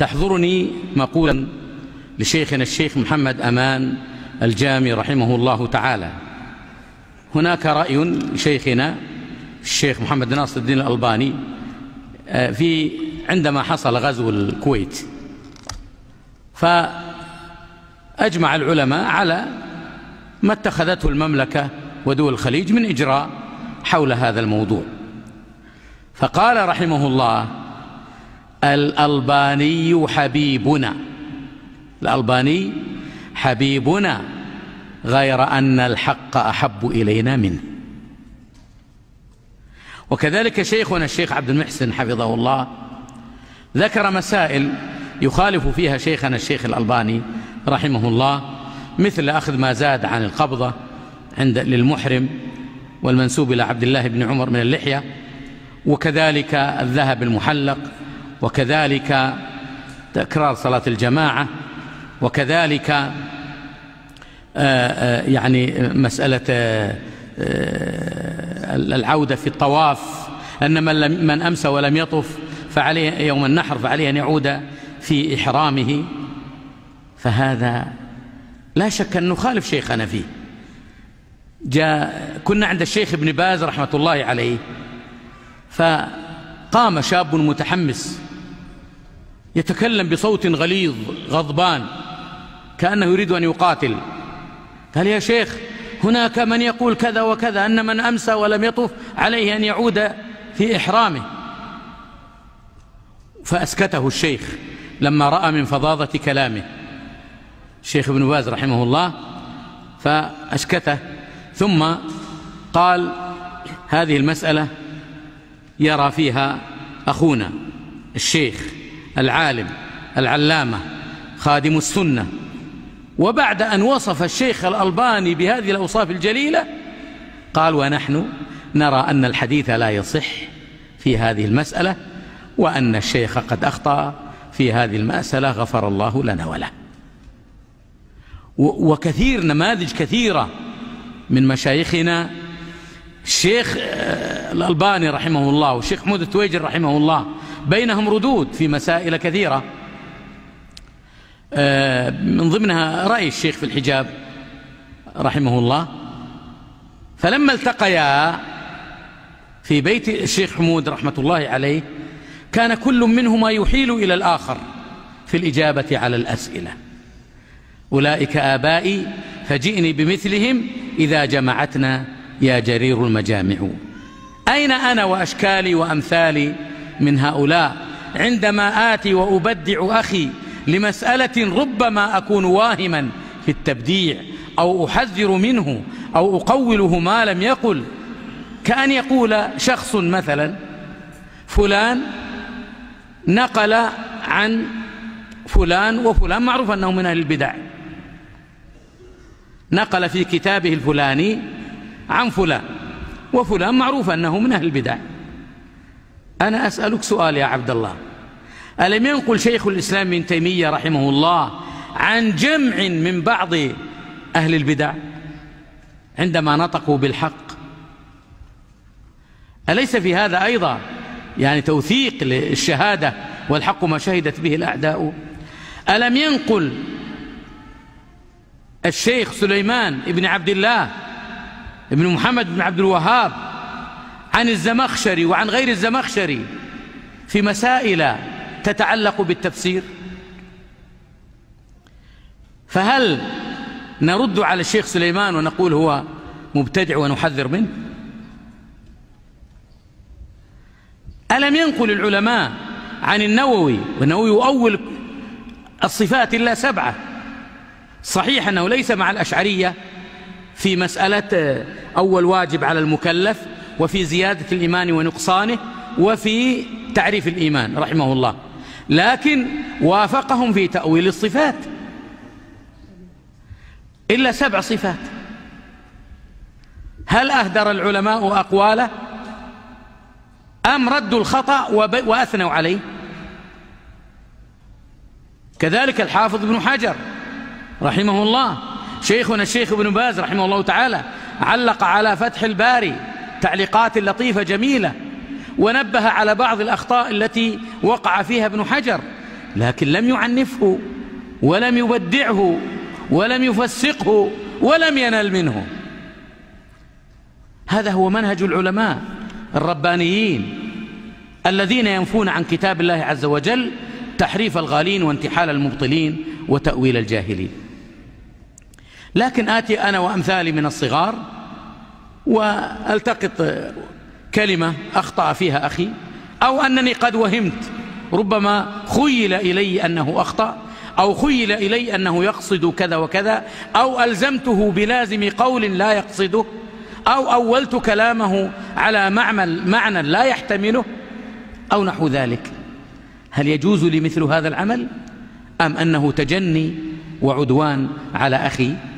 تحضرني مقولا لشيخنا الشيخ محمد أمان الجامي رحمه الله تعالى هناك رأي شيخنا الشيخ محمد ناصر الدين الألباني آه، في عندما حصل غزو الكويت فأجمع العلماء على ما اتخذته المملكة ودول الخليج من إجراء حول هذا الموضوع فقال رحمه الله الألباني حبيبنا الألباني حبيبنا غير أن الحق أحب إلينا منه وكذلك شيخنا الشيخ عبد المحسن حفظه الله ذكر مسائل يخالف فيها شيخنا الشيخ الألباني رحمه الله مثل أخذ ما زاد عن القبضة عند للمحرم والمنسوب إلى عبد الله بن عمر من اللحية وكذلك الذهب المحلق وكذلك تكرار صلاة الجماعة وكذلك آه، آه، يعني مسألة آه، العودة في الطواف أن من, لم من أمسى ولم يطف فعليه يوم النحر فعليه أن يعود في إحرامه فهذا لا شك أنه خالف شيخنا فيه جاء كنا عند الشيخ ابن باز رحمة الله عليه فقام شاب متحمس يتكلم بصوت غليظ غضبان كأنه يريد أن يقاتل قال يا شيخ هناك من يقول كذا وكذا أن من أمسى ولم يطف عليه أن يعود في إحرامه فأسكته الشيخ لما رأى من فظاظة كلامه الشيخ ابن باز رحمه الله فأسكته ثم قال هذه المسألة يرى فيها أخونا الشيخ العالم العلامة خادم السنة وبعد أن وصف الشيخ الألباني بهذه الأوصاف الجليلة قال ونحن نرى أن الحديث لا يصح في هذه المسألة وأن الشيخ قد أخطأ في هذه المسألة غفر الله لنا وله وكثير نماذج كثيرة من مشايخنا الشيخ آه، الألباني رحمه الله والشيخ حمود التويجر رحمه الله بينهم ردود في مسائل كثيرة آه، من ضمنها رأي الشيخ في الحجاب رحمه الله فلما التقيا في بيت الشيخ حمود رحمة الله عليه كان كل منهما يحيل إلى الآخر في الإجابة على الأسئلة أولئك آبائي فجئني بمثلهم إذا جمعتنا يا جرير المجامع أين أنا وأشكالي وأمثالي من هؤلاء عندما آتي وأبدع أخي لمسألة ربما أكون واهما في التبديع أو أحذر منه أو أقوله ما لم يقل كأن يقول شخص مثلا فلان نقل عن فلان وفلان معروف أنه من أهل البدع نقل في كتابه الفلاني عن فلان وفلان معروف أنه من أهل البدع أنا أسألك سؤال يا عبد الله ألم ينقل شيخ الإسلام ابن تيمية رحمه الله عن جمع من بعض أهل البدع عندما نطقوا بالحق أليس في هذا أيضا يعني توثيق للشهادة والحق ما شهدت به الأعداء ألم ينقل الشيخ سليمان ابن عبد الله ابن محمد بن عبد الوهاب عن الزمخشري وعن غير الزمخشري في مسائل تتعلق بالتفسير فهل نرد على الشيخ سليمان ونقول هو مبتدع ونحذر منه ألم ينقل العلماء عن النووي والنووي يؤول الصفات إلا سبعة صحيح أنه ليس مع الأشعرية في مسألة آه، أول واجب على المكلف وفي زيادة الإيمان ونقصانه وفي تعريف الإيمان رحمه الله لكن وافقهم في تأويل الصفات إلا سبع صفات هل أهدر العلماء أقواله أم ردوا الخطأ وأثنوا عليه كذلك الحافظ ابن حجر رحمه الله شيخنا الشيخ ابن باز رحمه الله تعالى علق على فتح الباري تعليقات لطيفة جميلة ونبه على بعض الأخطاء التي وقع فيها ابن حجر لكن لم يعنفه ولم يبدعه ولم يفسقه ولم ينل منه هذا هو منهج العلماء الربانيين الذين ينفون عن كتاب الله عز وجل تحريف الغالين وانتحال المبطلين وتأويل الجاهلين لكن آتي أنا وأمثالي من الصغار والتقط كلمة أخطأ فيها أخي أو أنني قد وهمت ربما خيل إلي أنه أخطأ أو خيل إلي أنه يقصد كذا وكذا أو ألزمته بلازم قول لا يقصده أو أولت كلامه على معمل معنى لا يحتمله أو نحو ذلك هل يجوز لي مثل هذا العمل أم أنه تجني وعدوان على أخي